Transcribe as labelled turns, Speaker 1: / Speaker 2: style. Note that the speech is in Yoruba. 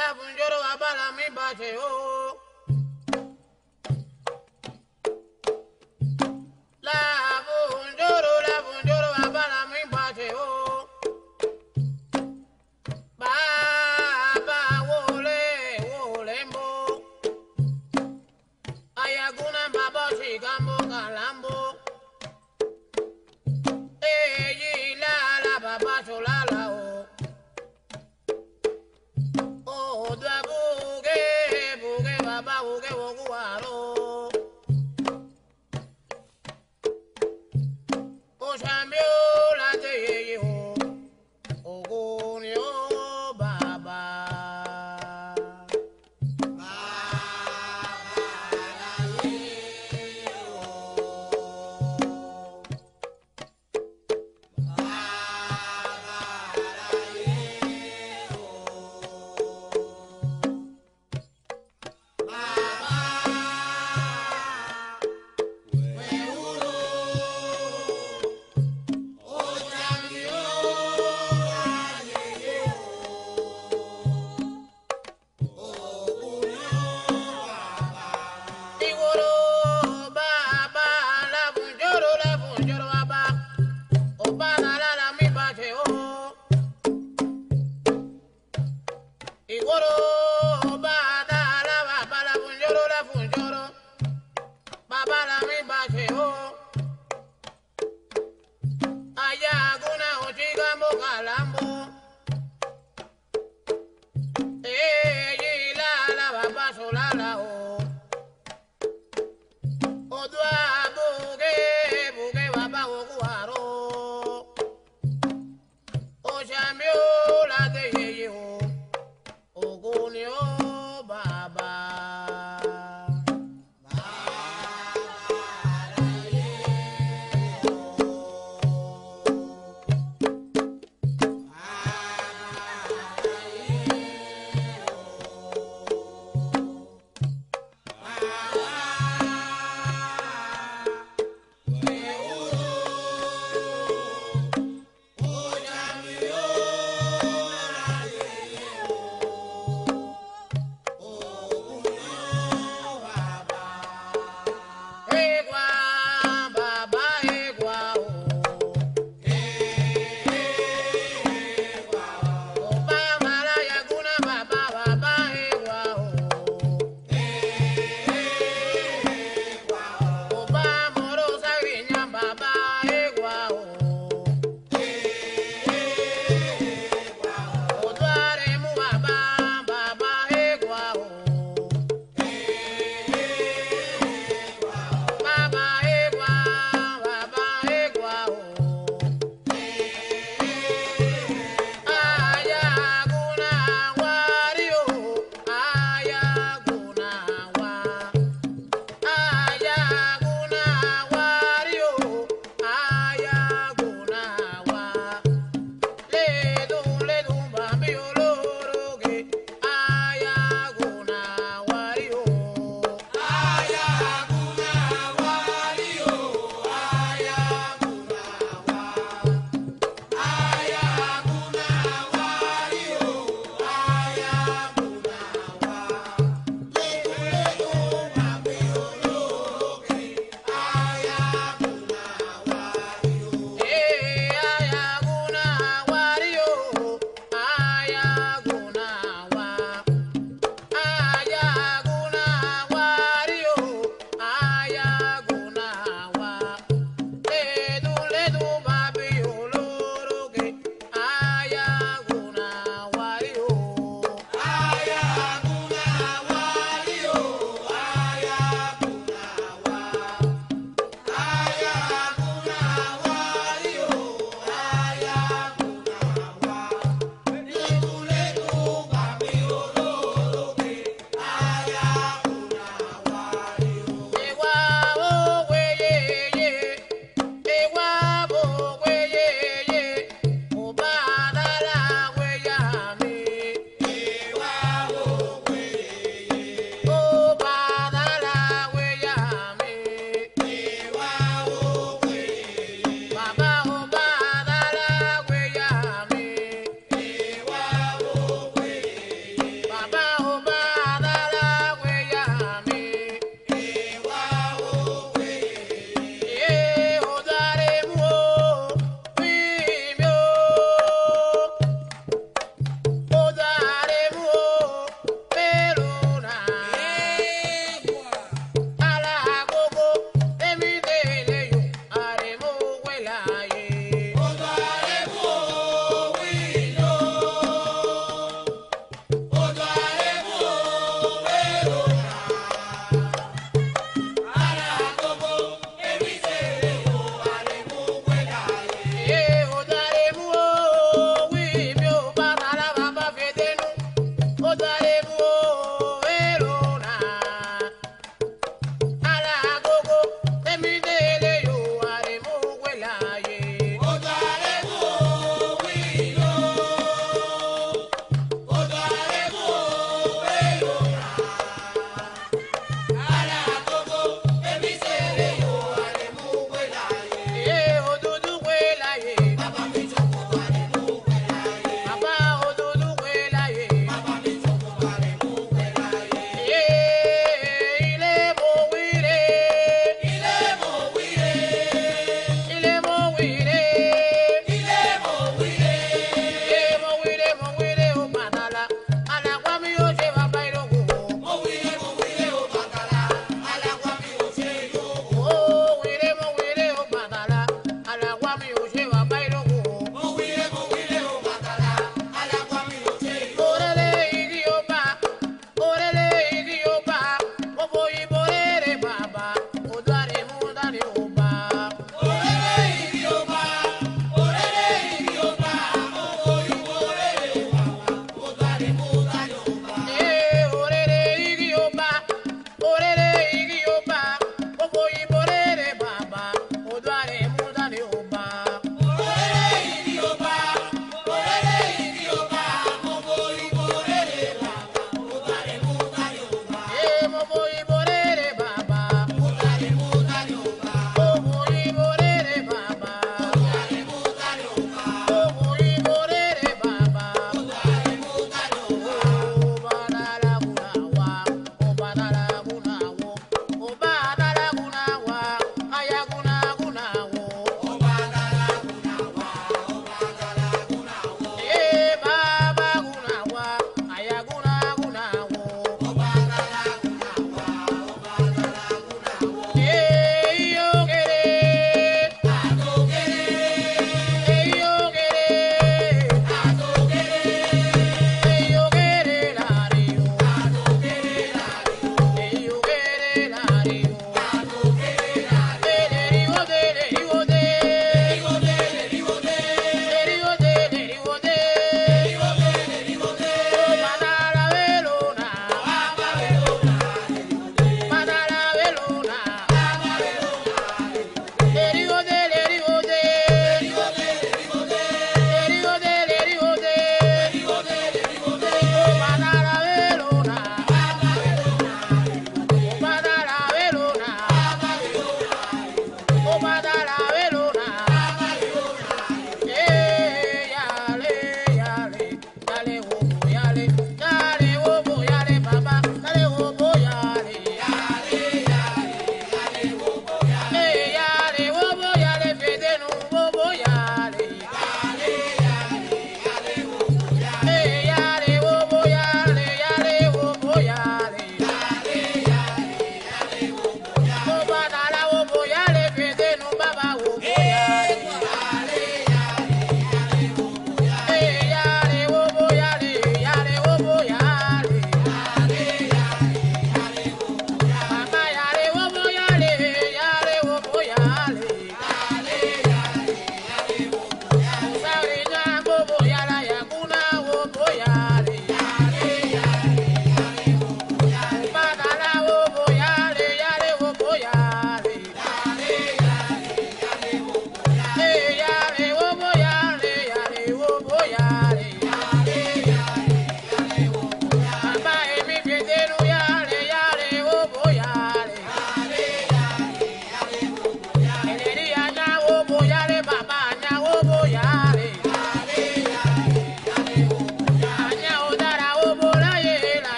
Speaker 1: Tafunjoro abala mi bàtẹ̀ ooo.